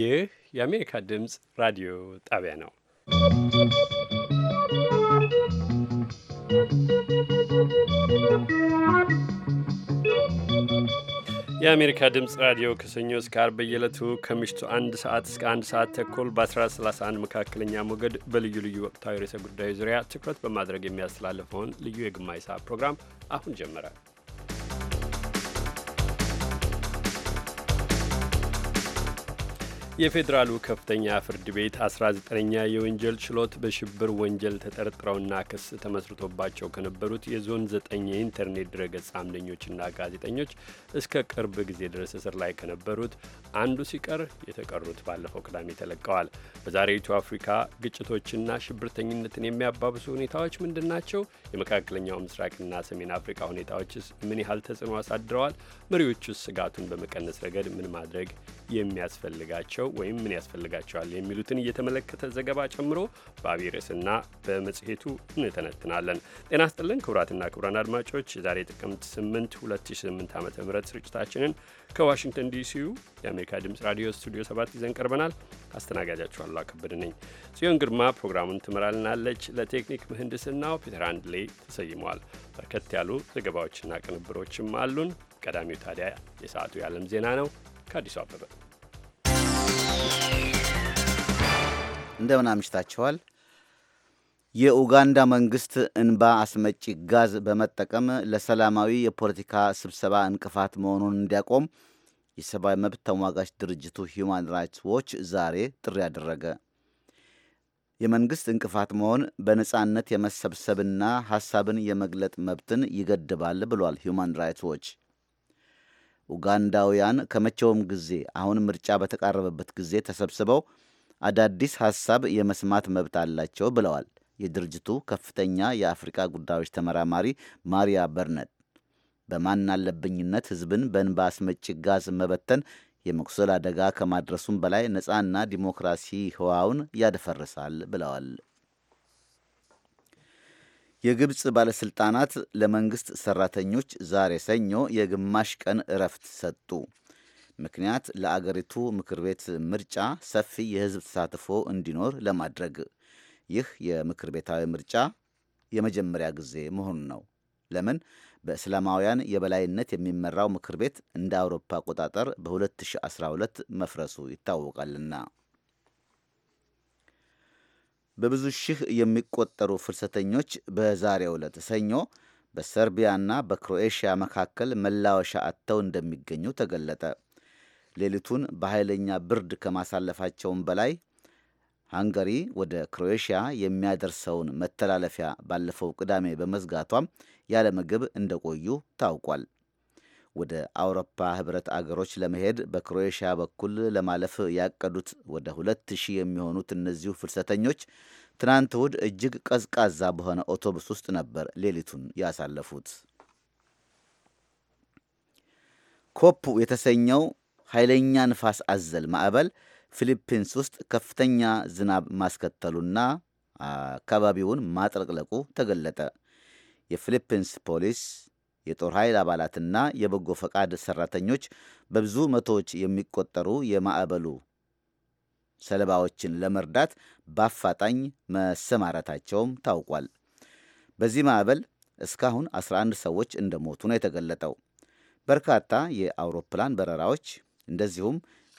ይህ የአሜሪካ ድምፅ ራዲዮ ጣቢያ ነው። የአሜሪካ ድምፅ ራዲዮ ከሰኞ እስከ አርብ በየዕለቱ ከምሽቱ አንድ ሰዓት እስከ አንድ ሰዓት ተኩል በ 1131 መካከለኛ ሞገድ በልዩ ልዩ ወቅታዊ ርዕሰ ጉዳዮች ዙሪያ ትኩረት በማድረግ የሚያስተላልፈውን ልዩ የግማሽ ሰዓት ፕሮግራም አሁን ጀመረ። የፌዴራሉ ከፍተኛ ፍርድ ቤት 19ኛ የወንጀል ችሎት በሽብር ወንጀል ተጠርጥረውና ክስ ተመስርቶባቸው ከነበሩት የዞን 9 የኢንተርኔት ድረገጽ አምደኞችና ጋዜጠኞች እስከ ቅርብ ጊዜ ድረስ እስር ላይ ከነበሩት አንዱ ሲቀር የተቀሩት ባለፈው ቅዳሜ ተለቀዋል። በዛሬቱ አፍሪካ ግጭቶችና ሽብርተኝነትን የሚያባብሱ ሁኔታዎች ምንድን ናቸው? የመካከለኛው ምስራቅና ሰሜን አፍሪካ ሁኔታዎችስ ምን ያህል ተጽዕኖ አሳድረዋል? መሪዎቹስ ስጋቱን በመቀነስ ረገድ ምን ማድረግ የሚያስፈልጋቸው ወይም ምን ያስፈልጋቸዋል የሚሉትን እየተመለከተ ዘገባ ጨምሮ በአብይ ርዕስና በመጽሔቱ እንተነትናለን። ጤና ስጥልን ክቡራትና ክቡራን አድማጮች የዛሬ ጥቅምት 8 2008 ዓ ም ስርጭታችንን ከዋሽንግተን ዲሲው የአሜሪካ ድምፅ ራዲዮ ስቱዲዮ 7 ይዘን ቀርበናል። አስተናጋጃችሁ አከብድ ነኝ። ጽዮን ግርማ ፕሮግራሙን ትመራልናለች። ለቴክኒክ ምህንድስናው ፒተር አንድሌ ተሰይመዋል። በርከት ያሉ ዘገባዎችና ቅንብሮችም አሉን። ቀዳሚው ታዲያ የሰዓቱ የዓለም ዜና ነው። ከአዲሱ አበበ እንደምን አምሽታችኋል። የኡጋንዳ መንግሥት እንባ አስመጪ ጋዝ በመጠቀም ለሰላማዊ የፖለቲካ ስብሰባ እንቅፋት መሆኑን እንዲያቆም የሰብአዊ መብት ተሟጋች ድርጅቱ ሂዩማን ራይትስ ዎች ዛሬ ጥሪ አደረገ። የመንግሥት እንቅፋት መሆን በነጻነት የመሰብሰብና ሐሳብን የመግለጥ መብትን ይገድባል ብሏል ሂውማን ራይትስ ዎች። ኡጋንዳውያን ከመቼውም ጊዜ አሁን ምርጫ በተቃረበበት ጊዜ ተሰብስበው አዳዲስ ሀሳብ የመስማት መብት አላቸው ብለዋል የድርጅቱ ከፍተኛ የአፍሪካ ጉዳዮች ተመራማሪ ማሪያ በርነት። በማን አለብኝነት ሕዝብን በእንባ አስመጪ ጋዝ መበተን የመቁሰል አደጋ ከማድረሱም በላይ ነፃና ዲሞክራሲ ህዋውን ያደፈርሳል ብለዋል። የግብፅ ባለሥልጣናት ለመንግሥት ሠራተኞች ዛሬ ሰኞ የግማሽ ቀን እረፍት ሰጡ። ምክንያት ለአገሪቱ ምክር ቤት ምርጫ ሰፊ የህዝብ ተሳትፎ እንዲኖር ለማድረግ ይህ የምክር ቤታዊ ምርጫ የመጀመሪያ ጊዜ መሆኑ ነው። ለምን በእስላማውያን የበላይነት የሚመራው ምክር ቤት እንደ አውሮፓ አቆጣጠር በ2012 መፍረሱ ይታወቃልና። በብዙ ሺህ የሚቆጠሩ ፍልሰተኞች በዛሬው ዕለት ሰኞ በሰርቢያና በክሮኤሽያ መካከል መላወሻ አጥተው እንደሚገኙ ተገለጠ። ሌሊቱን በኃይለኛ ብርድ ከማሳለፋቸውም በላይ ሃንገሪ ወደ ክሮኤሽያ የሚያደርሰውን መተላለፊያ ባለፈው ቅዳሜ በመዝጋቷም ያለ ምግብ እንደቆዩ ታውቋል። ወደ አውሮፓ ህብረት አገሮች ለመሄድ በክሮኤሽያ በኩል ለማለፍ ያቀዱት ወደ ሁለት ሺህ የሚሆኑት እነዚሁ ፍልሰተኞች ትናንት እሁድ እጅግ ቀዝቃዛ በሆነ አውቶቡስ ውስጥ ነበር ሌሊቱን ያሳለፉት። ኮፑ የተሰኘው ኃይለኛ ንፋስ አዘል ማዕበል ፊሊፒንስ ውስጥ ከፍተኛ ዝናብ ማስከተሉና አካባቢውን ማጥለቅለቁ ተገለጠ። የፊሊፒንስ ፖሊስ፣ የጦር ኃይል አባላትና የበጎ ፈቃድ ሰራተኞች በብዙ መቶዎች የሚቆጠሩ የማዕበሉ ሰለባዎችን ለመርዳት በአፋጣኝ መሰማራታቸውም ታውቋል። በዚህ ማዕበል እስካሁን 11 ሰዎች እንደሞቱ ነው የተገለጠው። በርካታ የአውሮፕላን በረራዎች እንደዚሁም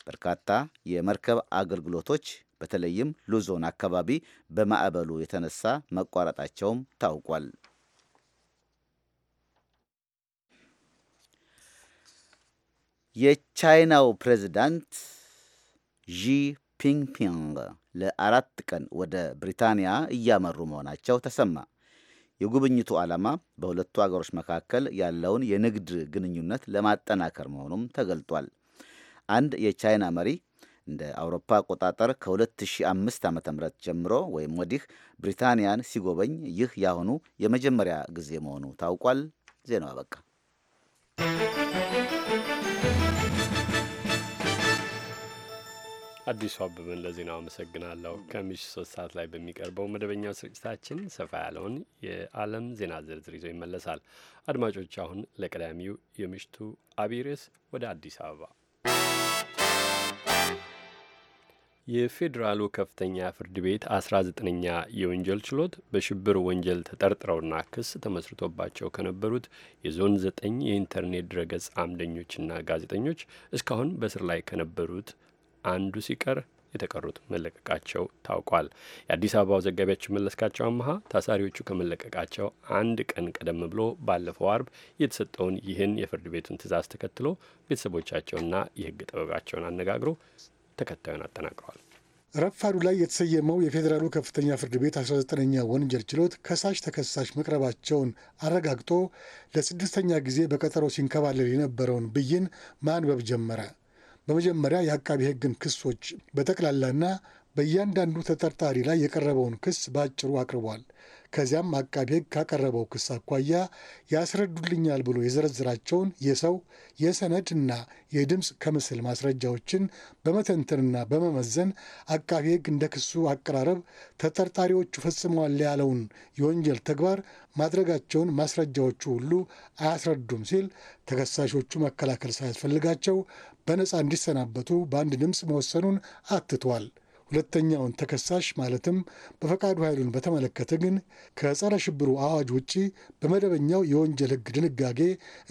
በርካታ የመርከብ አገልግሎቶች በተለይም ሉዞን አካባቢ በማዕበሉ የተነሳ መቋረጣቸውም ታውቋል። የቻይናው ፕሬዚዳንት ዢ ፒንግፒንግ ለአራት ቀን ወደ ብሪታንያ እያመሩ መሆናቸው ተሰማ። የጉብኝቱ ዓላማ በሁለቱ አገሮች መካከል ያለውን የንግድ ግንኙነት ለማጠናከር መሆኑም ተገልጧል። አንድ የቻይና መሪ እንደ አውሮፓ አቆጣጠር ከ2005 ዓ ም ጀምሮ ወይም ወዲህ ብሪታንያን ሲጎበኝ ይህ ያሁኑ የመጀመሪያ ጊዜ መሆኑ ታውቋል። ዜናው አበቃ። አዲሱ አበበን ለዜናው አመሰግናለሁ። ከምሽት ሶስት ሰዓት ላይ በሚቀርበው መደበኛው ስርጭታችን ሰፋ ያለውን የዓለም ዜና ዝርዝር ይዞ ይመለሳል። አድማጮች፣ አሁን ለቀዳሚው የምሽቱ አቢይ ርዕስ ወደ አዲስ አበባ የፌዴራሉ ከፍተኛ ፍርድ ቤት 19ኛ የወንጀል ችሎት በሽብር ወንጀል ተጠርጥረውና ክስ ተመስርቶባቸው ከነበሩት የዞን ዘጠኝ የኢንተርኔት ድረገጽ አምደኞችና ጋዜጠኞች እስካሁን በእስር ላይ ከነበሩት አንዱ ሲቀር የተቀሩት መለቀቃቸው ታውቋል። የአዲስ አበባው ዘጋቢያችን መለስካቸው አመሀ ታሳሪዎቹ ከመለቀቃቸው አንድ ቀን ቀደም ብሎ ባለፈው አርብ የተሰጠውን ይህን የፍርድ ቤቱን ትዕዛዝ ተከትሎ ቤተሰቦቻቸውና የህግ ጠበቃቸውን አነጋግሮ ተከታዩን አጠናቅረዋል። ረፋዱ ላይ የተሰየመው የፌዴራሉ ከፍተኛ ፍርድ ቤት 19ኛ ወንጀል ችሎት ከሳሽ ተከሳሽ መቅረባቸውን አረጋግጦ ለስድስተኛ ጊዜ በቀጠሮ ሲንከባለል የነበረውን ብይን ማንበብ ጀመረ። በመጀመሪያ የአቃቢ ሕግን ክሶች በጠቅላላና በእያንዳንዱ ተጠርጣሪ ላይ የቀረበውን ክስ በአጭሩ አቅርቧል። ከዚያም አቃቢ ሕግ ካቀረበው ክስ አኳያ ያስረዱልኛል ብሎ የዘረዝራቸውን የሰው የሰነድ እና የድምፅ ከምስል ማስረጃዎችን በመተንተንና በመመዘን አቃቢ ሕግ እንደ ክሱ አቀራረብ ተጠርጣሪዎቹ ፈጽመዋል ያለውን የወንጀል ተግባር ማድረጋቸውን ማስረጃዎቹ ሁሉ አያስረዱም ሲል ተከሳሾቹ መከላከል ሳያስፈልጋቸው በነፃ እንዲሰናበቱ በአንድ ድምፅ መወሰኑን አትቷል። ሁለተኛውን ተከሳሽ ማለትም በፈቃዱ ኃይሉን በተመለከተ ግን ከጸረ ሽብሩ አዋጅ ውጪ በመደበኛው የወንጀል ሕግ ድንጋጌ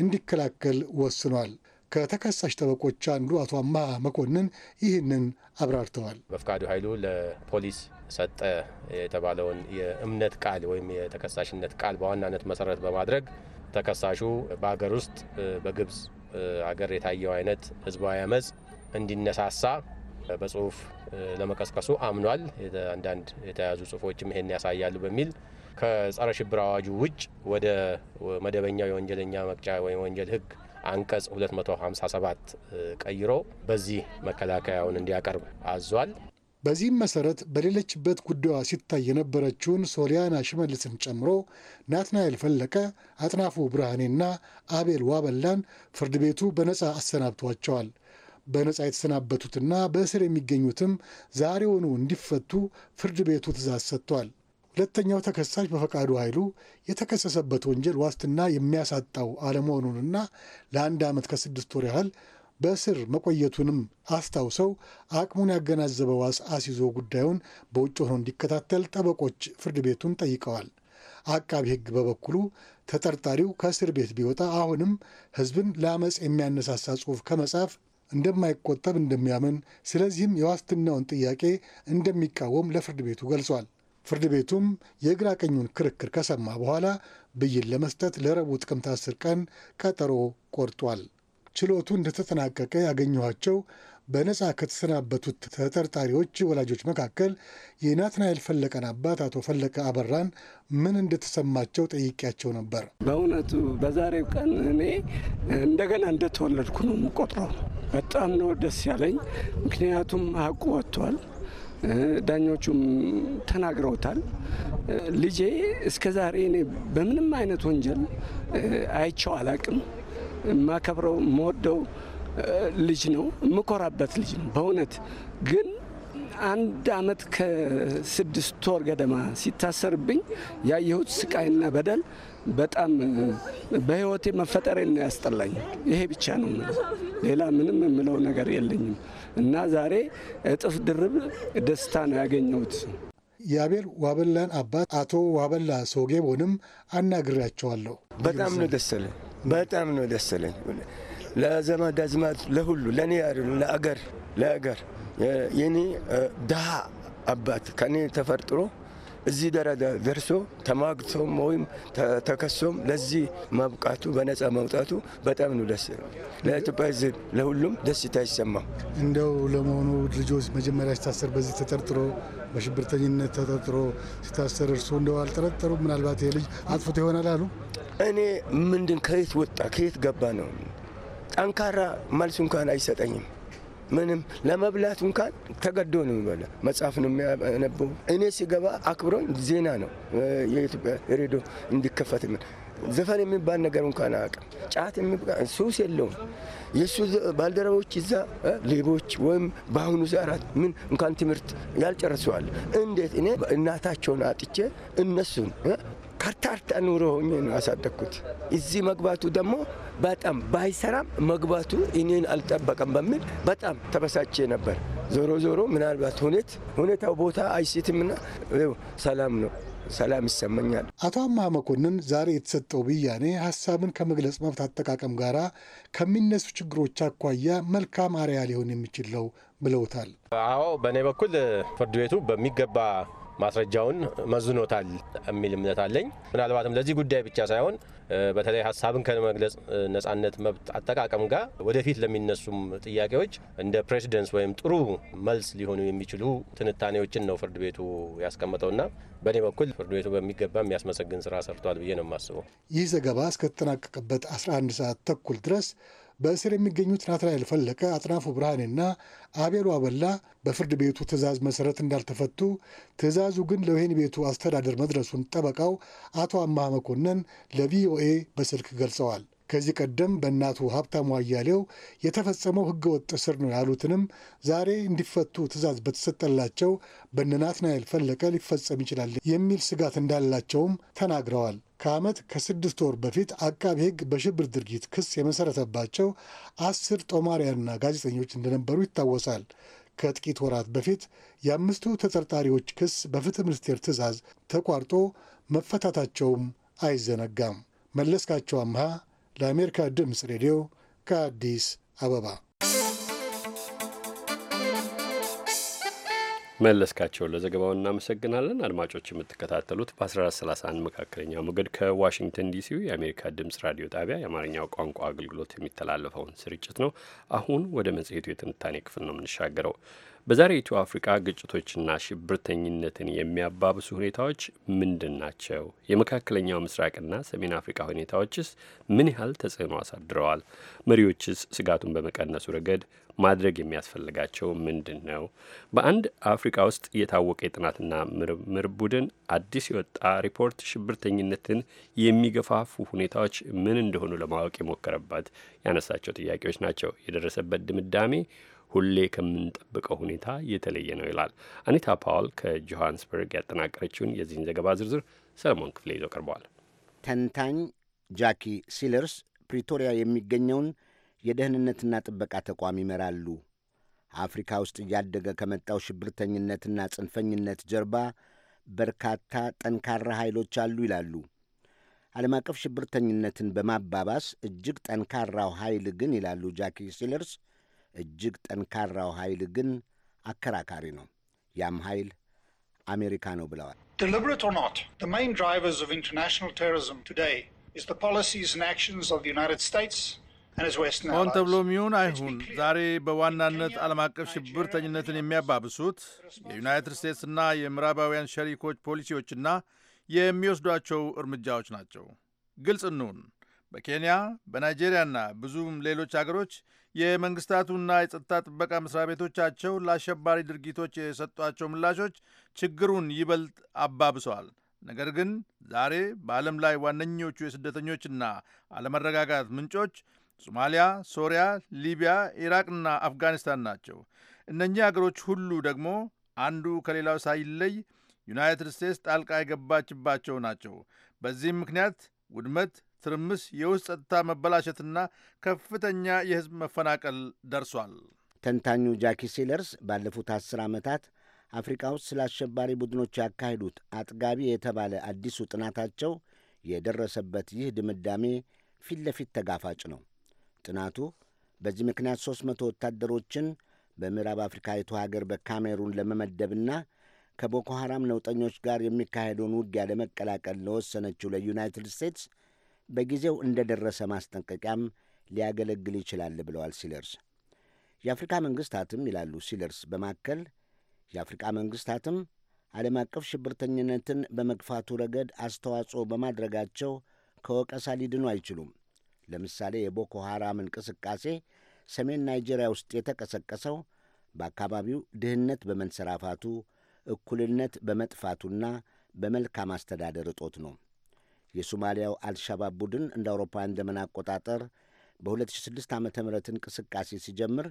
እንዲከላከል ወስኗል። ከተከሳሽ ጠበቆች አንዱ አቶ አማ መኮንን ይህንን አብራርተዋል። በፍቃዱ ኃይሉ ለፖሊስ ሰጠ የተባለውን የእምነት ቃል ወይም የተከሳሽነት ቃል በዋናነት መሰረት በማድረግ ተከሳሹ በሀገር ውስጥ በግብፅ አገር የታየው አይነት ህዝባዊ አመፅ እንዲነሳሳ በጽሁፍ ለመቀስቀሱ አምኗል። አንዳንድ የተያዙ ጽሁፎችም ይሄን ያሳያሉ በሚል ከጸረ ሽብር አዋጁ ውጭ ወደ መደበኛው የወንጀለኛ መቅጫ ወይም ወንጀል ህግ አንቀጽ 257 ቀይሮ በዚህ መከላከያውን እንዲያቀርብ አዟል። በዚህም መሰረት በሌለችበት ጉዳዩ ሲታይ የነበረችውን ሶሊያና ሽመልስን ጨምሮ ናትናኤል ፈለቀ፣ አጥናፉ ብርሃኔና አቤል ዋበላን ፍርድ ቤቱ በነጻ አሰናብቷቸዋል። በነጻ የተሰናበቱትና በእስር የሚገኙትም ዛሬውኑ እንዲፈቱ ፍርድ ቤቱ ትእዛዝ ሰጥቷል። ሁለተኛው ተከሳሽ በፈቃዱ ኃይሉ የተከሰሰበት ወንጀል ዋስትና የሚያሳጣው አለመሆኑንና ለአንድ ዓመት ከስድስት ወር ያህል በእስር መቆየቱንም አስታውሰው አቅሙን ያገናዘበ ዋስ አስይዞ ጉዳዩን በውጭ ሆኖ እንዲከታተል ጠበቆች ፍርድ ቤቱን ጠይቀዋል። አቃቢ ሕግ በበኩሉ ተጠርጣሪው ከእስር ቤት ቢወጣ አሁንም ሕዝብን ለአመፅ የሚያነሳሳ ጽሑፍ ከመጻፍ እንደማይቆጠብ እንደሚያምን፣ ስለዚህም የዋስትናውን ጥያቄ እንደሚቃወም ለፍርድ ቤቱ ገልጿል። ፍርድ ቤቱም የግራ ቀኙን ክርክር ከሰማ በኋላ ብይን ለመስጠት ለረቡዕ ጥቅምት 10 ቀን ቀጠሮ ቆርጧል። ችሎቱ እንደተጠናቀቀ ያገኘኋቸው በነጻ ከተሰናበቱት ተጠርጣሪዎች ወላጆች መካከል የናትናኤል ፈለቀን አባት አቶ ፈለቀ አበራን ምን እንደተሰማቸው ጠይቄያቸው ነበር። በእውነቱ በዛሬው ቀን እኔ እንደገና እንደተወለድኩ ነው የምቆጥረው። በጣም ነው ደስ ያለኝ። ምክንያቱም ሀቁ ወጥቷል። ዳኞቹም ተናግረውታል። ልጄ እስከ ዛሬ እኔ በምንም አይነት ወንጀል አይቸው አላቅም። የማከብረው የምወደው ልጅ ነው፣ የምኮራበት ልጅ ነው። በእውነት ግን አንድ አመት ከስድስት ወር ገደማ ሲታሰርብኝ ያየሁት ስቃይና በደል በጣም በህይወቴ መፈጠሬ ነው ያስጠላኝ። ይሄ ብቻ ነው የምለው፣ ሌላ ምንም የምለው ነገር የለኝም። እና ዛሬ እጥፍ ድርብ ደስታ ነው ያገኘሁት። የአቤል ዋበላን አባት አቶ ዋበላ ሶጌቦንም አናግሬያቸዋለሁ። በጣም ነው ደሰለኝ፣ በጣም ነው ደሰለኝ። ለዘመድ አዝማድ ለሁሉ ለእኔ ለአገር ለአገር የኔ ድሃ አባት ከኔ ተፈርጥሮ እዚህ ደረጃ ደርሶ ተማግቶም ወይም ተከሶም ለዚህ መብቃቱ በነፃ መውጣቱ በጣም ነው ደስ ለኢትዮጵያ ሕዝብ ለሁሉም ደስታ ይሰማው። እንደው ለመሆኑ ልጆች መጀመሪያ ሲታሰር በዚህ ተጠርጥሮ በሽብርተኝነት ተጠርጥሮ ሲታሰር እርሱ እንደው አልጠረጠሩ ምናልባት ይሄ ልጅ አጥፍቶ ይሆናል አሉ። እኔ ምንድን ከየት ወጣ ከየት ገባ ነው ጠንካራ ማልሱ እንኳን አይሰጠኝም። ምንም ለመብላት እንኳን ተገዶ ነው የሚበላ። መጽሐፍ ነው የሚያነበው። እኔ ሲገባ አክብሮን ዜና ነው የኢትዮጵያ ሬዲዮ እንዲከፈት ዘፈን የሚባል ነገር እንኳን አያውቅም። ጫት ሱስ የለውም። የእሱ ባልደረቦች እዛ ሌቦች ወይም በአሁኑ ሰዓት ምን እንኳን ትምህርት ያልጨርሰዋል። እንዴት እኔ እናታቸውን አጥቼ እነሱን ካርታርታ ኑሮ ሆኜ ነው ያሳደግኩት። እዚህ መግባቱ ደግሞ በጣም ባይሰራም መግባቱ እኔን አልጠበቀም በሚል በጣም ተበሳቼ ነበር። ዞሮ ዞሮ ምናልባት ሁኔት ሁኔታው ቦታ አይሴትምና ሰላም ነው ሰላም ይሰማኛል። አቶ አማ መኮንን ዛሬ የተሰጠው ብያኔ ሀሳብን ከመግለጽ መብት አጠቃቀም ጋር ከሚነሱ ችግሮች አኳያ መልካም አርያ ሊሆን የሚችል ነው ብለውታል። አዎ በእኔ በኩል ፍርድ ቤቱ በሚገባ ማስረጃውን መዝኖታል የሚል እምነት አለኝ። ምናልባትም ለዚህ ጉዳይ ብቻ ሳይሆን በተለይ ሀሳብን ከመግለጽ ነጻነት መብት አጠቃቀም ጋር ወደፊት ለሚነሱም ጥያቄዎች እንደ ፕሬሲደንስ ወይም ጥሩ መልስ ሊሆኑ የሚችሉ ትንታኔዎችን ነው ፍርድ ቤቱ ያስቀመጠውና በእኔ በኩል ፍርድ ቤቱ በሚገባ የሚያስመሰግን ስራ ሰርቷል ብዬ ነው የማስበው። ይህ ዘገባ እስከተጠናቀቀበት 11 ሰዓት ተኩል ድረስ በእስር የሚገኙት ናትናኤል ፈለቀ፣ አጥናፉ ብርሃኔና አቤሉ አበላ በፍርድ ቤቱ ትዕዛዝ መሰረት እንዳልተፈቱ፣ ትዕዛዙ ግን ለወህኒ ቤቱ አስተዳደር መድረሱን ጠበቃው አቶ አማሃ መኮንን ለቪኦኤ በስልክ ገልጸዋል። ከዚህ ቀደም በእናቱ ሀብታሙ አያሌው የተፈጸመው ህገወጥ እስር ነው ያሉትንም ዛሬ እንዲፈቱ ትዕዛዝ በተሰጠላቸው በነ ናትናኤል ፈለቀ ሊፈጸም ይችላል የሚል ስጋት እንዳላቸውም ተናግረዋል። ከዓመት ከስድስት ወር በፊት አቃቢ ሕግ በሽብር ድርጊት ክስ የመሰረተባቸው አስር ጦማሪያና ጋዜጠኞች እንደነበሩ ይታወሳል። ከጥቂት ወራት በፊት የአምስቱ ተጠርጣሪዎች ክስ በፍትህ ሚኒስቴር ትዕዛዝ ተቋርጦ መፈታታቸውም አይዘነጋም። መለስካቸው አምሃ ለአሜሪካ ድምፅ ሬዲዮ ከአዲስ አበባ መለስካቸው ለዘገባው እናመሰግናለን። አድማጮች የምትከታተሉት በ1431 መካከለኛ ሞገድ ከዋሽንግተን ዲሲው የአሜሪካ ድምፅ ራዲዮ ጣቢያ የአማርኛው ቋንቋ አገልግሎት የሚተላለፈውን ስርጭት ነው። አሁን ወደ መጽሔቱ የትንታኔ ክፍል ነው የምንሻገረው። በዛሬይቱ አፍሪቃ ግጭቶችና ሽብርተኝነትን የሚያባብሱ ሁኔታዎች ምንድን ናቸው? የመካከለኛው ምስራቅና ሰሜን አፍሪካ ሁኔታዎችስ ምን ያህል ተጽዕኖ አሳድረዋል? መሪዎችስ ስጋቱን በመቀነሱ ረገድ ማድረግ የሚያስፈልጋቸው ምንድን ነው? በአንድ አፍሪካ ውስጥ የታወቀ የጥናትና ምርምር ቡድን አዲስ የወጣ ሪፖርት ሽብርተኝነትን የሚገፋፉ ሁኔታዎች ምን እንደሆኑ ለማወቅ የሞከረባት ያነሳቸው ጥያቄዎች ናቸው። የደረሰበት ድምዳሜ ሁሌ ከምንጠብቀው ሁኔታ የተለየ ነው ይላል። አኒታ ፓውል ከጆሃንስበርግ ያጠናቀረችውን የዚህን ዘገባ ዝርዝር ሰለሞን ክፍሌ ይዞ ቀርበዋል። ተንታኝ ጃኪ ሲለርስ ፕሪቶሪያ የሚገኘውን የደህንነትና ጥበቃ ተቋም ይመራሉ። አፍሪካ ውስጥ እያደገ ከመጣው ሽብርተኝነትና ጽንፈኝነት ጀርባ በርካታ ጠንካራ ኃይሎች አሉ ይላሉ። ዓለም አቀፍ ሽብርተኝነትን በማባባስ እጅግ ጠንካራው ኃይል ግን ይላሉ ጃኪ ሲለርስ፣ እጅግ ጠንካራው ኃይል ግን አከራካሪ ነው። ያም ኃይል አሜሪካ ነው ብለዋል። ሆን ተብሎ ይሁን አይሁን ዛሬ በዋናነት ዓለም አቀፍ ሽብርተኝነትን የሚያባብሱት የዩናይትድ ስቴትስና የምዕራባውያን ሸሪኮች ፖሊሲዎችና የሚወስዷቸው እርምጃዎች ናቸው። ግልጽ እንሁን፣ በኬንያ በናይጄሪያና ብዙም ሌሎች አገሮች የመንግስታቱና የጸጥታ ጥበቃ መስሪያ ቤቶቻቸው ለአሸባሪ ድርጊቶች የሰጧቸው ምላሾች ችግሩን ይበልጥ አባብሰዋል። ነገር ግን ዛሬ በዓለም ላይ ዋነኞቹ የስደተኞችና አለመረጋጋት ምንጮች ሶማሊያ፣ ሶሪያ፣ ሊቢያ፣ ኢራቅና አፍጋኒስታን ናቸው። እነኚህ አገሮች ሁሉ ደግሞ አንዱ ከሌላው ሳይለይ ዩናይትድ ስቴትስ ጣልቃ የገባችባቸው ናቸው። በዚህም ምክንያት ውድመት፣ ትርምስ፣ የውስጥ ጸጥታ መበላሸትና ከፍተኛ የሕዝብ መፈናቀል ደርሷል። ተንታኙ ጃኪ ሴለርስ ባለፉት አስር ዓመታት አፍሪካ ውስጥ ስለ አሸባሪ ቡድኖች ያካሄዱት አጥጋቢ የተባለ አዲሱ ጥናታቸው የደረሰበት ይህ ድምዳሜ ፊት ለፊት ተጋፋጭ ነው። ጥናቱ በዚህ ምክንያት 300 ወታደሮችን በምዕራብ አፍሪካዊቱ ሀገር በካሜሩን ለመመደብና ከቦኮ ሐራም ነውጠኞች ጋር የሚካሄደውን ውጊያ ለመቀላቀል ለወሰነችው ለዩናይትድ ስቴትስ በጊዜው እንደደረሰ ማስጠንቀቂያም ሊያገለግል ይችላል ብለዋል ሲለርስ። የአፍሪካ መንግሥታትም ይላሉ ሲለርስ በማከል የአፍሪካ መንግሥታትም ዓለም አቀፍ ሽብርተኝነትን በመግፋቱ ረገድ አስተዋጽኦ በማድረጋቸው ከወቀሳ ሊድኑ አይችሉም። ለምሳሌ የቦኮ ሐራም እንቅስቃሴ ሰሜን ናይጄሪያ ውስጥ የተቀሰቀሰው በአካባቢው ድህነት በመንሰራፋቱ እኩልነት በመጥፋቱና በመልካም አስተዳደር እጦት ነው። የሶማሊያው አልሻባብ ቡድን እንደ አውሮፓውያን ዘመን አቆጣጠር በ2006 ዓ ም እንቅስቃሴ ሲጀምር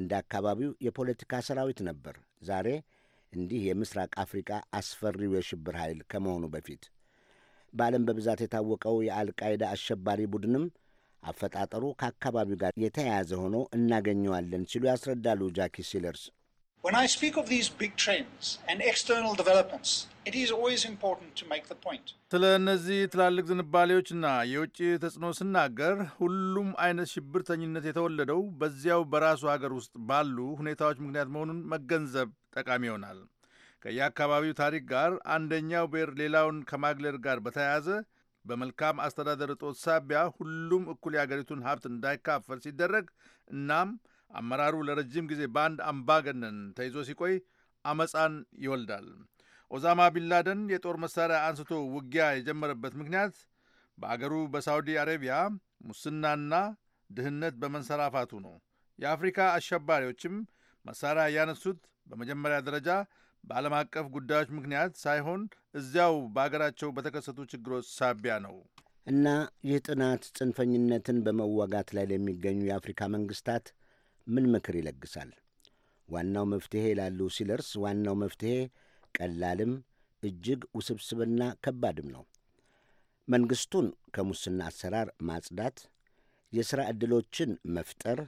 እንደ አካባቢው የፖለቲካ ሰራዊት ነበር። ዛሬ እንዲህ የምስራቅ አፍሪካ አስፈሪው የሽብር ኃይል ከመሆኑ በፊት በዓለም በብዛት የታወቀው የአልቃይዳ አሸባሪ ቡድንም አፈጣጠሩ ከአካባቢው ጋር የተያያዘ ሆኖ እናገኘዋለን ሲሉ ያስረዳሉ ጃኪ ሲለርስ። ስለ እነዚህ ትላልቅ ዝንባሌዎችና የውጭ ተጽዕኖ ስናገር ሁሉም አይነት ሽብርተኝነት የተወለደው በዚያው በራሱ ሀገር ውስጥ ባሉ ሁኔታዎች ምክንያት መሆኑን መገንዘብ ጠቃሚ ይሆናል። ከየአካባቢው ታሪክ ጋር አንደኛው ብሔር ሌላውን ከማግለል ጋር በተያያዘ በመልካም አስተዳደር እጦት ሳቢያ ሁሉም እኩል የአገሪቱን ሀብት እንዳይካፈል ሲደረግ እናም አመራሩ ለረጅም ጊዜ በአንድ አምባገነን ተይዞ ሲቆይ አመፃን ይወልዳል። ኦዛማ ቢንላደን የጦር መሳሪያ አንስቶ ውጊያ የጀመረበት ምክንያት በአገሩ በሳውዲ አረቢያ ሙስናና ድህነት በመንሰራፋቱ ነው። የአፍሪካ አሸባሪዎችም መሳሪያ ያነሱት በመጀመሪያ ደረጃ በዓለም አቀፍ ጉዳዮች ምክንያት ሳይሆን እዚያው በሀገራቸው በተከሰቱ ችግሮች ሳቢያ ነው እና ይህ ጥናት ጽንፈኝነትን በመዋጋት ላይ ለሚገኙ የአፍሪካ መንግስታት ምን ምክር ይለግሳል? ዋናው መፍትሔ ይላሉ ሲለርስ፣ ዋናው መፍትሔ ቀላልም እጅግ ውስብስብና ከባድም ነው። መንግስቱን ከሙስና አሰራር ማጽዳት፣ የሥራ ዕድሎችን መፍጠር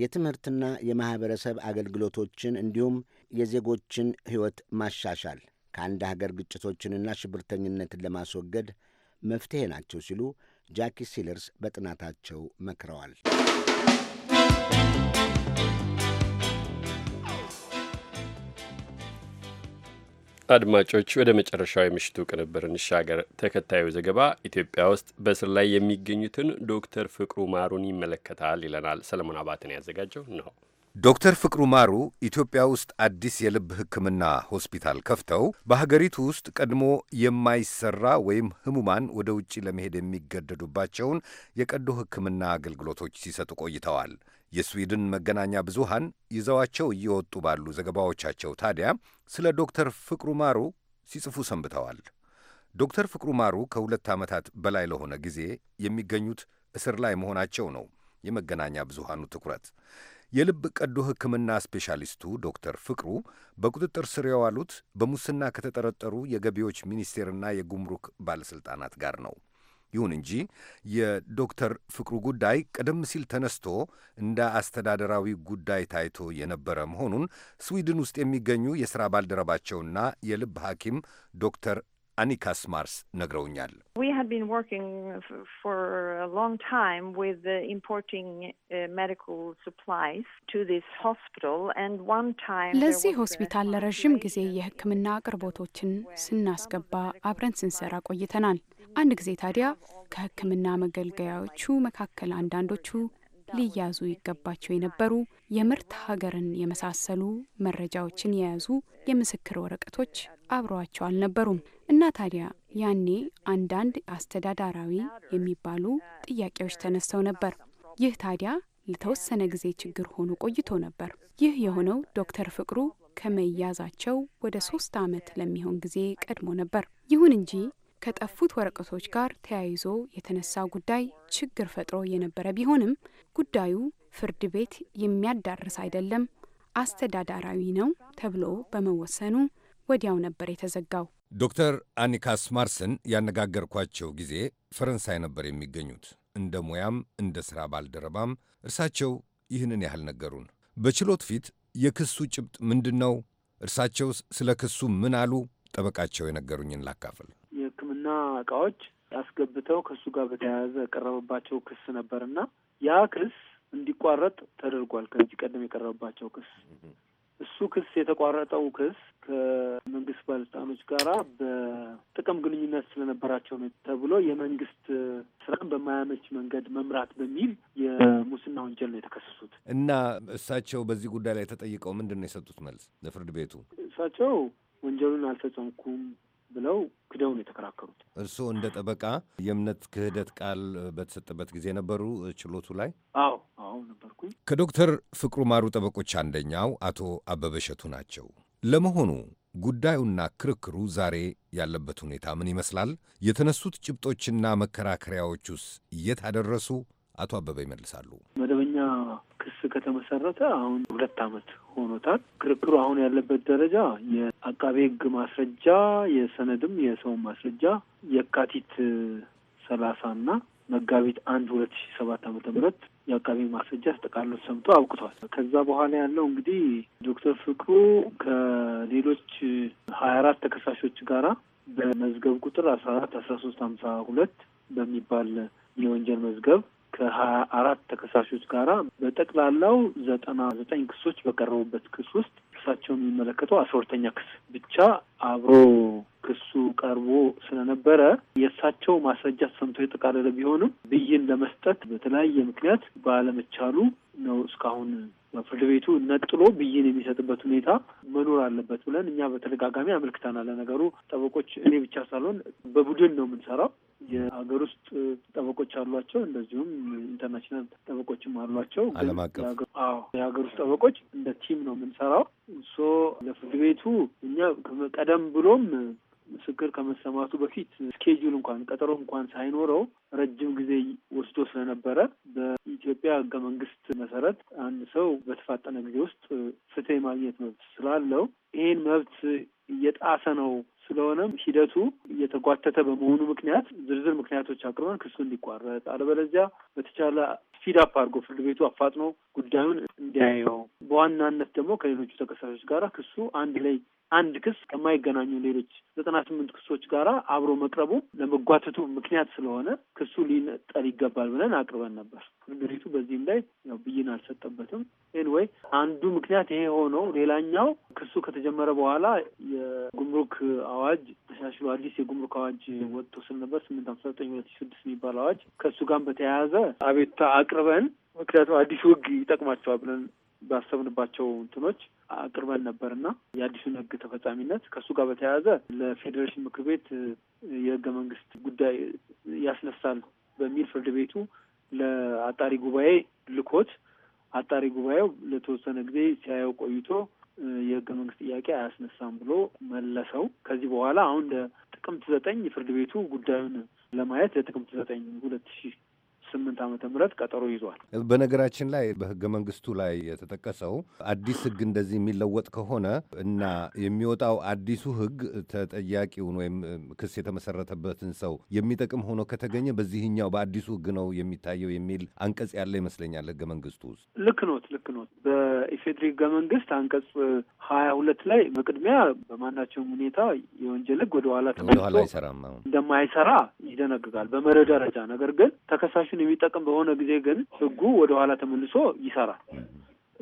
የትምህርትና የማኅበረሰብ አገልግሎቶችን እንዲሁም የዜጎችን ሕይወት ማሻሻል ከአንድ ሀገር ግጭቶችንና ሽብርተኝነትን ለማስወገድ መፍትሔ ናቸው ሲሉ ጃኪ ሲለርስ በጥናታቸው መክረዋል። አድማጮች ወደ መጨረሻው የምሽቱ ቅንብር እንሻገር። ተከታዩ ዘገባ ኢትዮጵያ ውስጥ በእስር ላይ የሚገኙትን ዶክተር ፍቅሩ ማሩን ይመለከታል ይለናል። ሰለሞን አባትን ያዘጋጀው ነው። ዶክተር ፍቅሩ ማሩ ኢትዮጵያ ውስጥ አዲስ የልብ ሕክምና ሆስፒታል ከፍተው በሀገሪቱ ውስጥ ቀድሞ የማይሰራ ወይም ህሙማን ወደ ውጭ ለመሄድ የሚገደዱባቸውን የቀዶ ሕክምና አገልግሎቶች ሲሰጡ ቆይተዋል። የስዊድን መገናኛ ብዙሃን ይዘዋቸው እየወጡ ባሉ ዘገባዎቻቸው ታዲያ ስለ ዶክተር ፍቅሩ ማሩ ሲጽፉ ሰንብተዋል። ዶክተር ፍቅሩ ማሩ ከሁለት ዓመታት በላይ ለሆነ ጊዜ የሚገኙት እስር ላይ መሆናቸው ነው የመገናኛ ብዙሃኑ ትኩረት። የልብ ቀዶ ሕክምና ስፔሻሊስቱ ዶክተር ፍቅሩ በቁጥጥር ስር የዋሉት በሙስና ከተጠረጠሩ የገቢዎች ሚኒስቴርና የጉምሩክ ባለሥልጣናት ጋር ነው። ይሁን እንጂ የዶክተር ፍቅሩ ጉዳይ ቀደም ሲል ተነስቶ እንደ አስተዳደራዊ ጉዳይ ታይቶ የነበረ መሆኑን ስዊድን ውስጥ የሚገኙ የሥራ ባልደረባቸውና የልብ ሐኪም ዶክተር አኒካስ ማርስ ነግረውኛል። uh, ለዚህ ሆስፒታል ለረዥም ጊዜ የሕክምና አቅርቦቶችን ስናስገባ አብረን ስንሰራ ቆይተናል። አንድ ጊዜ ታዲያ ከሕክምና መገልገያዎቹ መካከል አንዳንዶቹ ሊያዙ ይገባቸው የነበሩ የምርት ሀገርን የመሳሰሉ መረጃዎችን የያዙ የምስክር ወረቀቶች አብረዋቸው አልነበሩም እና ታዲያ ያኔ አንዳንድ አስተዳዳራዊ የሚባሉ ጥያቄዎች ተነስተው ነበር። ይህ ታዲያ ለተወሰነ ጊዜ ችግር ሆኖ ቆይቶ ነበር። ይህ የሆነው ዶክተር ፍቅሩ ከመያዛቸው ወደ ሶስት ዓመት ለሚሆን ጊዜ ቀድሞ ነበር። ይሁን እንጂ ከጠፉት ወረቀቶች ጋር ተያይዞ የተነሳ ጉዳይ ችግር ፈጥሮ የነበረ ቢሆንም ጉዳዩ ፍርድ ቤት የሚያዳርስ አይደለም፣ አስተዳዳራዊ ነው ተብሎ በመወሰኑ ወዲያው ነበር የተዘጋው። ዶክተር አኒካስ ማርስን ያነጋገርኳቸው ጊዜ ፈረንሳይ ነበር የሚገኙት። እንደ ሙያም እንደ ሥራ ባልደረባም እርሳቸው ይህንን ያህል ነገሩን። በችሎት ፊት የክሱ ጭብጥ ምንድን ነው? እርሳቸው ስለ ክሱ ምን አሉ? ጠበቃቸው የነገሩኝን ላካፍል። እቃዎች አስገብተው ከእሱ ጋር በተያያዘ የቀረበባቸው ክስ ነበር እና ያ ክስ እንዲቋረጥ ተደርጓል። ከዚህ ቀደም የቀረበባቸው ክስ እሱ ክስ የተቋረጠው ክስ ከመንግስት ባለስልጣኖች ጋራ በጥቅም ግንኙነት ስለነበራቸው ነው ተብሎ የመንግስት ስራን በማያመች መንገድ መምራት በሚል የሙስና ወንጀል ነው የተከሰሱት እና እሳቸው በዚህ ጉዳይ ላይ ተጠይቀው ምንድን ነው የሰጡት መልስ ለፍርድ ቤቱ? እሳቸው ወንጀሉን አልፈጸምኩም ብለው ክደው ነው የተከራከሩት። እርስዎ እንደ ጠበቃ የእምነት ክህደት ቃል በተሰጠበት ጊዜ ነበሩ ችሎቱ ላይ? አዎ አዎ ነበርኩኝ። ከዶክተር ፍቅሩ ማሩ ጠበቆች አንደኛው አቶ አበበ እሸቱ ናቸው። ለመሆኑ ጉዳዩና ክርክሩ ዛሬ ያለበት ሁኔታ ምን ይመስላል? የተነሱት ጭብጦችና መከራከሪያዎቹስ የት አደረሱ? አቶ አበበ ይመልሳሉ። በእኛ ክስ ከተመሰረተ አሁን ሁለት አመት ሆኖታል። ክርክሩ አሁን ያለበት ደረጃ የአቃቤ ሕግ ማስረጃ የሰነድም የሰውን ማስረጃ የካቲት ሰላሳ እና መጋቢት አንድ ሁለት ሺ ሰባት አመተ ምህረት የአቃቤ ማስረጃ ተጠቃሎ ሰምቶ አብቅቷል። ከዛ በኋላ ያለው እንግዲህ ዶክተር ፍቅሩ ከሌሎች ሀያ አራት ተከሳሾች ጋራ በመዝገብ ቁጥር አስራ አራት አስራ ሶስት ሀምሳ ሁለት በሚባል የወንጀል መዝገብ ከሀያ አራት ተከሳሾች ጋራ በጠቅላላው ዘጠና ዘጠኝ ክሶች በቀረቡበት ክስ ውስጥ ክሳቸው የሚመለከተው አስወርተኛ ክስ ብቻ አብሮ ክሱ ቀርቦ ስለነበረ የእሳቸው ማስረጃ ተሰምቶ የጠቃለለ ቢሆንም ብይን ለመስጠት በተለያየ ምክንያት ባለመቻሉ ነው እስካሁን ፍርድ ቤቱ ነጥሎ ብይን የሚሰጥበት ሁኔታ መኖር አለበት ብለን እኛ በተደጋጋሚ አመልክተናል። ለነገሩ ጠበቆች እኔ ብቻ ሳልሆን በቡድን ነው የምንሰራው። የሀገር ውስጥ ጠበቆች አሏቸው፣ እንደዚሁም ኢንተርናሽናል ጠበቆችም አሏቸው። ዓለም አቀፍ አዎ፣ የሀገር ውስጥ ጠበቆች እንደ ቲም ነው የምንሰራው። እሶ ለፍርድ ቤቱ እኛ ቀደም ብሎም ምስክር ከመሰማቱ በፊት ስኬጁል እንኳን ቀጠሮ እንኳን ሳይኖረው ረጅም ጊዜ ወስዶ ስለነበረ በኢትዮጵያ ሕገ መንግስት መሰረት አንድ ሰው በተፋጠነ ጊዜ ውስጥ ፍትህ ማግኘት መብት ስላለው ይሄን መብት እየጣሰ ነው ስለሆነም ሂደቱ እየተጓተተ በመሆኑ ምክንያት ዝርዝር ምክንያቶች አቅርበን ክሱ እንዲቋረጥ አለበለዚያ በተቻለ ስፒድ አፕ አድርጎ ፍርድ ቤቱ አፋጥኖ ጉዳዩን እንዲያየው በዋናነት ደግሞ ከሌሎቹ ተከሳሾች ጋር ክሱ አንድ ላይ አንድ ክስ ከማይገናኙ ሌሎች ዘጠና ስምንት ክሶች ጋራ አብሮ መቅረቡ ለመጓተቱ ምክንያት ስለሆነ ክሱ ሊነጠል ይገባል ብለን አቅርበን ነበር። ፍርድ ቤቱ በዚህም ላይ ያው ብይን አልሰጠበትም። ኤንወይ አንዱ ምክንያት ይሄ ሆኖ ሌላኛው ክሱ ከተጀመረ በኋላ የጉምሩክ አዋጅ ተሻሽሎ አዲስ የጉምሩክ አዋጅ ወጥቶ ስለነበር ስምንት ሀምሳ ዘጠኝ ሁለት ሺህ ስድስት የሚባል አዋጅ ከእሱ ጋር በተያያዘ አቤቱታ አቅርበን ምክንያቱም አዲሱ ውግ ይጠቅማቸዋል ብለን ባሰብንባቸው እንትኖች አቅርበን ነበር እና የአዲሱን ህግ ተፈጻሚነት ከእሱ ጋር በተያያዘ ለፌዴሬሽን ምክር ቤት የህገ መንግስት ጉዳይ ያስነሳል በሚል ፍርድ ቤቱ ለአጣሪ ጉባኤ ልኮት አጣሪ ጉባኤው ለተወሰነ ጊዜ ሲያየው ቆይቶ የህገ መንግስት ጥያቄ አያስነሳም ብሎ መለሰው። ከዚህ በኋላ አሁን ለጥቅምት ዘጠኝ ፍርድ ቤቱ ጉዳዩን ለማየት ለጥቅምት ዘጠኝ ሁለት ሺህ ስምንት ዓመተ ምህረት ቀጠሮ ይዟል። በነገራችን ላይ በህገ መንግስቱ ላይ የተጠቀሰው አዲስ ህግ እንደዚህ የሚለወጥ ከሆነ እና የሚወጣው አዲሱ ህግ ተጠያቂውን ወይም ክስ የተመሰረተበትን ሰው የሚጠቅም ሆኖ ከተገኘ በዚህኛው በአዲሱ ህግ ነው የሚታየው የሚል አንቀጽ ያለ ይመስለኛል ህገ መንግስቱ ውስጥ። ልክ ኖት፣ ልክ ኖት። በኢፌድሪ ህገ መንግስት አንቀጽ ሀያ ሁለት ላይ በቅድሚያ በማናቸውም ሁኔታ የወንጀል ህግ ወደኋላ ተመልሶ እንደማይሰራ ይደነግጋል በመርህ ደረጃ ነገር ግን ተከሳሹን የሚጠቅም በሆነ ጊዜ ግን ህጉ ወደኋላ ተመልሶ ይሰራል።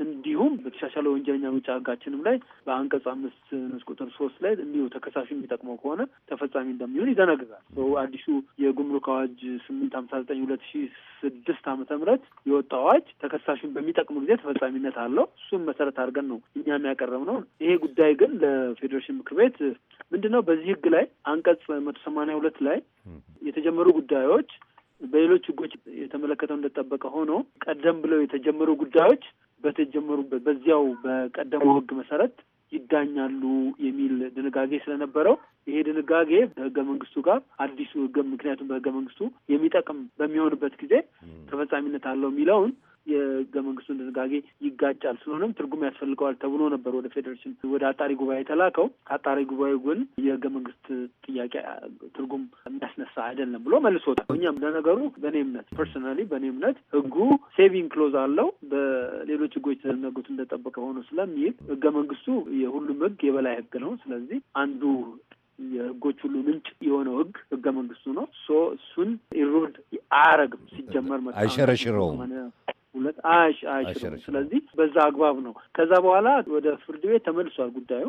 እንዲሁም በተሻሻለ ወንጀለኛ መቅጫ ህጋችንም ላይ በአንቀጽ አምስት ንዑስ ቁጥር ሶስት ላይ እንዲሁ ተከሳሽ የሚጠቅመው ከሆነ ተፈጻሚ እንደሚሆን ይደነግጋል። አዲሱ የጉምሩክ አዋጅ ስምንት ሀምሳ ዘጠኝ ሁለት ሺ ስድስት ዓመተ ምህረት የወጣ አዋጅ ተከሳሹን በሚጠቅሙ ጊዜ ተፈጻሚነት አለው። እሱም መሰረት አድርገን ነው እኛ የሚያቀረብ ነው። ይሄ ጉዳይ ግን ለፌዴሬሽን ምክር ቤት ምንድን ነው በዚህ ህግ ላይ አንቀጽ መቶ ሰማኒያ ሁለት ላይ የተጀመሩ ጉዳዮች በሌሎች ህጎች የተመለከተው እንደጠበቀ ሆኖ ቀደም ብለው የተጀመሩ ጉዳዮች በተጀመሩበት በዚያው በቀደመው ህግ መሰረት ይዳኛሉ የሚል ድንጋጌ ስለነበረው ይሄ ድንጋጌ በህገ መንግስቱ ጋር አዲሱ ህገ ምክንያቱም በህገ መንግስቱ የሚጠቅም በሚሆንበት ጊዜ ተፈጻሚነት አለው የሚለውን የህገ መንግስቱን ድንጋጌ ይጋጫል፣ ስለሆነም ትርጉም ያስፈልገዋል ተብሎ ነበር ወደ ፌዴሬሽን ወደ አጣሪ ጉባኤ ተላከው። ከአጣሪ ጉባኤ ጎን የህገ መንግስት ጥያቄ ትርጉም የሚያስነሳ አይደለም ብሎ መልሶታል። እኛም ለነገሩ በእኔ እምነት ፐርሶናሊ በእኔ እምነት ህጉ ሴቪንግ ክሎዝ አለው በሌሎች ህጎች የተደነጉት እንደጠበቀ ሆኖ ስለሚል ህገ መንግስቱ የሁሉም ህግ የበላይ ህግ ነው። ስለዚህ አንዱ የህጎች ሁሉ ምንጭ የሆነው ህግ ህገ መንግስቱ ነው። እሱን ኢሮድ አያረግም ሲጀመር አይሸረሽረውም ሁለት አሽ አይችልም። ስለዚህ በዛ አግባብ ነው። ከዛ በኋላ ወደ ፍርድ ቤት ተመልሷል ጉዳዩ።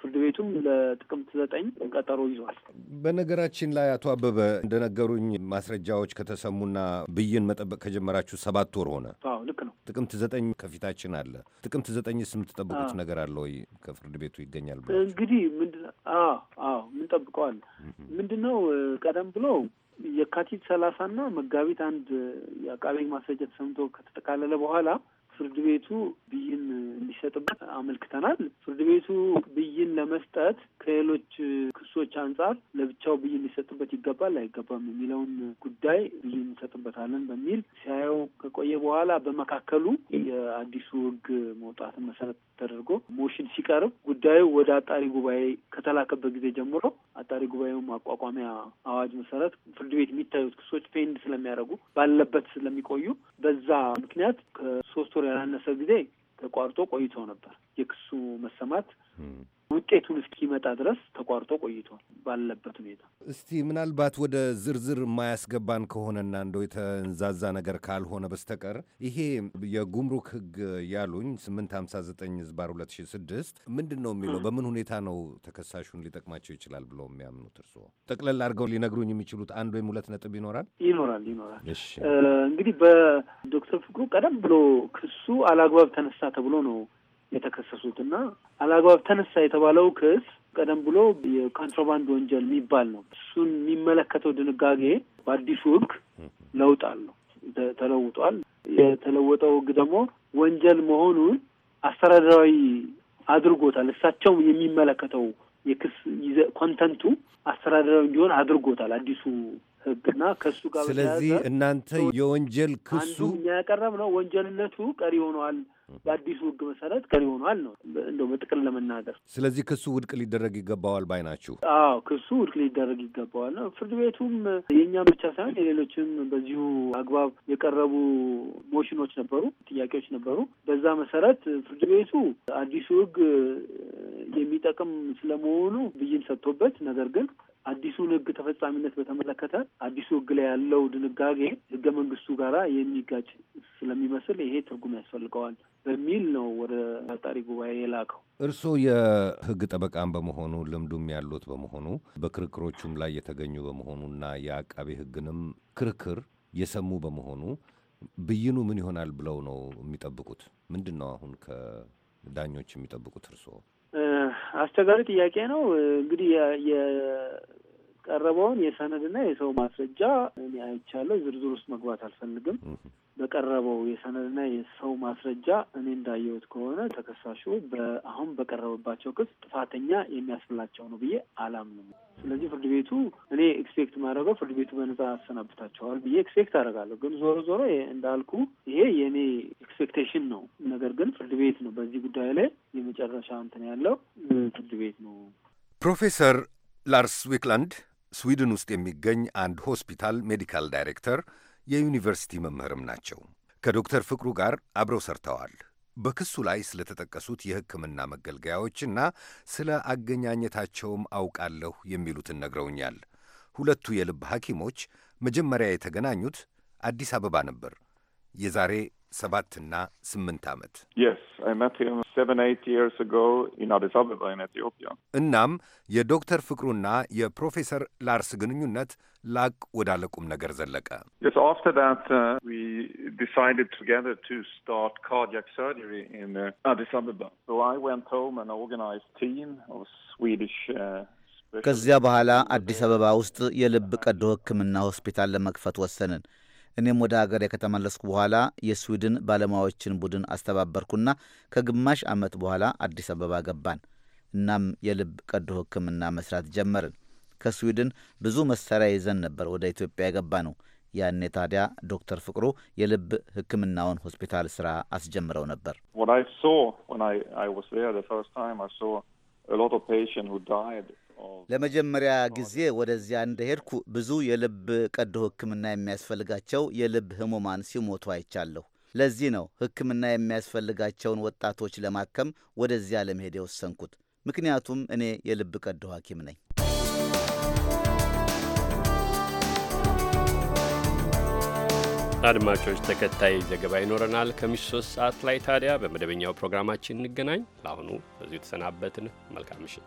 ፍርድ ቤቱም ለጥቅምት ዘጠኝ ቀጠሮ ይዟል። በነገራችን ላይ አቶ አበበ እንደነገሩኝ ማስረጃዎች ከተሰሙና ብይን መጠበቅ ከጀመራችሁ ሰባት ወር ሆነ። አዎ ልክ ነው። ጥቅምት ዘጠኝ ከፊታችን አለ። ጥቅምት ዘጠኝስ የምትጠብቁት ነገር አለ ወይ? ከፍርድ ቤቱ ይገኛል እንግዲህ ምንድን አዎ አዎ ምንጠብቀዋል ምንድን ነው ቀደም ብሎ የካቲት ሰላሳና መጋቢት አንድ የአቃቤ ማስረጃ ተሰምቶ ከተጠቃለለ በኋላ ፍርድ ቤቱ ብይን እንዲሰጥበት አመልክተናል። ፍርድ ቤቱ ብይን ለመስጠት ከሌሎች ክሶች አንጻር ለብቻው ብይን ሊሰጥበት ይገባል አይገባም የሚለውን ጉዳይ ብይን እንሰጥበታለን በሚል ሲያየው ከቆየ በኋላ በመካከሉ የአዲሱ ህግ መውጣትን መሰረት ተደርጎ ሞሽን ሲቀርብ ጉዳዩ ወደ አጣሪ ጉባኤ ከተላከበት ጊዜ ጀምሮ አጣሪ ጉባኤው ማቋቋሚያ አዋጅ መሰረት ፍርድ ቤት የሚታዩት ክሶች ፔንድ ስለሚያደርጉ ባለበት ስለሚቆዩ በዛ ምክንያት ከሶስት ወር ያላነሰ ጊዜ ተቋርጦ ቆይተው ነበር የክሱ መሰማት ውጤቱን እስኪመጣ ድረስ ተቋርጦ ቆይቷል ባለበት ሁኔታ። እስቲ ምናልባት ወደ ዝርዝር የማያስገባን ከሆነና እንደው የተንዛዛ ነገር ካልሆነ በስተቀር ይሄ የጉምሩክ ሕግ ያሉኝ 859 ዝባር ዘጠኝ ምንድን ነው የሚለው? በምን ሁኔታ ነው ተከሳሹን ሊጠቅማቸው ይችላል ብለው የሚያምኑት እርስዎ? ጠቅለል አድርገው ሊነግሩኝ የሚችሉት አንድ ወይም ሁለት ነጥብ ይኖራል? ይኖራል ይኖራል። እንግዲህ በዶክተር ፍቅሩ ቀደም ብሎ ክሱ አላግባብ ተነሳ ተብሎ ነው የተከሰሱትና አላግባብ ተነሳ የተባለው ክስ ቀደም ብሎ የኮንትሮባንድ ወንጀል የሚባል ነው። እሱን የሚመለከተው ድንጋጌ በአዲሱ ህግ ለውጥ አለው፣ ተለውጧል። የተለወጠው ህግ ደግሞ ወንጀል መሆኑን አስተዳደራዊ አድርጎታል። እሳቸው የሚመለከተው የክስ ኮንተንቱ አስተዳደራዊ እንዲሆን አድርጎታል አዲሱ ህግና ከሱ ጋር ስለዚህ እናንተ የወንጀል ክሱ እኛ ያቀረብ ነው ወንጀልነቱ ቀሪ ሆኗል። በአዲሱ ህግ መሰረት ቀሪ ሆኗል ነው እንደው በጥቅል ለመናገር። ስለዚህ ክሱ ውድቅ ሊደረግ ይገባዋል ባይ ናችሁ? አዎ ክሱ ውድቅ ሊደረግ ይገባዋል ነው። ፍርድ ቤቱም የእኛም ብቻ ሳይሆን የሌሎችም በዚሁ አግባብ የቀረቡ ሞሽኖች ነበሩ፣ ጥያቄዎች ነበሩ። በዛ መሰረት ፍርድ ቤቱ አዲሱ ህግ የሚጠቅም ስለመሆኑ ብይን ሰጥቶበት ነገር ግን አዲሱን ህግ ተፈጻሚነት በተመለከተ አዲሱ ህግ ላይ ያለው ድንጋጌ ህገ መንግስቱ ጋራ የሚጋጭ ስለሚመስል ይሄ ትርጉም ያስፈልገዋል በሚል ነው ወደ አጣሪ ጉባኤ የላከው። እርስዎ የህግ ጠበቃም በመሆኑ ልምዱም ያሉት በመሆኑ በክርክሮቹም ላይ የተገኙ በመሆኑና የአቃቤ ህግንም ክርክር የሰሙ በመሆኑ ብይኑ ምን ይሆናል ብለው ነው የሚጠብቁት? ምንድን ነው አሁን ከዳኞች የሚጠብቁት እርስዎ? አስቸጋሪ ጥያቄ ነው እንግዲህ ቀረበውን የሰነድና የሰው ማስረጃ እኔ አይቻለሁ። ዝርዝር ውስጥ መግባት አልፈልግም። በቀረበው የሰነድና የሰው ማስረጃ እኔ እንዳየሁት ከሆነ ተከሳሹ አሁን በቀረበባቸው ክስ ጥፋተኛ የሚያስብላቸው ነው ብዬ አላምንም። ስለዚህ ፍርድ ቤቱ እኔ ኤክስፔክት ማድረገው ፍርድ ቤቱ በነጻ ያሰናብታቸዋል ብዬ ኤክስፔክት አደርጋለሁ። ግን ዞሮ ዞሮ እንዳልኩ ይሄ የእኔ ኤክስፔክቴሽን ነው። ነገር ግን ፍርድ ቤት ነው በዚህ ጉዳይ ላይ የመጨረሻ እንትን ያለው ፍርድ ቤት ነው። ፕሮፌሰር ላርስ ዊክላንድ ስዊድን ውስጥ የሚገኝ አንድ ሆስፒታል ሜዲካል ዳይሬክተር የዩኒቨርሲቲ መምህርም ናቸው። ከዶክተር ፍቅሩ ጋር አብረው ሰርተዋል። በክሱ ላይ ስለተጠቀሱት የሕክምና መገልገያዎችና ስለ አገኛኘታቸውም አውቃለሁ የሚሉትን ነግረውኛል። ሁለቱ የልብ ሐኪሞች መጀመሪያ የተገናኙት አዲስ አበባ ነበር። የዛሬ ሰባትና ስምንት ዓመት እናም የዶክተር ፍቅሩና የፕሮፌሰር ላርስ ግንኙነት ላቅ ወዳለ ቁም ነገር ዘለቀ። uh, uh, uh, ከዚያ በኋላ አዲስ አበባ ውስጥ የልብ ቀዶ ሕክምና ሆስፒታል ለመክፈት ወሰንን። እኔም ወደ አገር ከተመለስኩ በኋላ የስዊድን ባለሙያዎችን ቡድን አስተባበርኩና ከግማሽ ዓመት በኋላ አዲስ አበባ ገባን። እናም የልብ ቀዶ ሕክምና መስራት ጀመርን። ከስዊድን ብዙ መሳሪያ ይዘን ነበር ወደ ኢትዮጵያ የገባ ነው። ያኔ ታዲያ ዶክተር ፍቅሩ የልብ ሕክምናውን ሆስፒታል ስራ አስጀምረው ነበር። ለመጀመሪያ oh, ጊዜ ወደዚያ እንደሄድኩ ብዙ የልብ ቀዶ ሕክምና የሚያስፈልጋቸው የልብ ህሙማን ሲሞቱ አይቻለሁ። ለዚህ ነው ሕክምና የሚያስፈልጋቸውን ወጣቶች ለማከም ወደዚያ ለመሄድ የወሰንኩት። ምክንያቱም እኔ የልብ ቀዶ ሐኪም ነኝ። አድማጮች፣ ተከታይ ዘገባ ይኖረናል ከምሽቱ ሶስት ሰዓት ላይ። ታዲያ በመደበኛው ፕሮግራማችን እንገናኝ። ለአሁኑ በዚሁ የተሰናበትን። መልካም ምሽት።